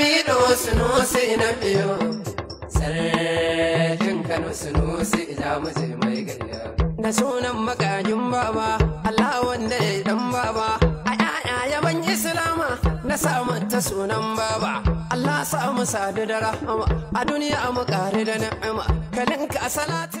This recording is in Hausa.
lamido sunusi na biyo sarkin kano sunusi ija muje mai gayya Na sunan magajin baba allah wanda ya dan baba a yaya yaban islama na samanta sunan baba allah sa mu sadu da rahama a duniya mu ƙari da ni'ima kalin ka salati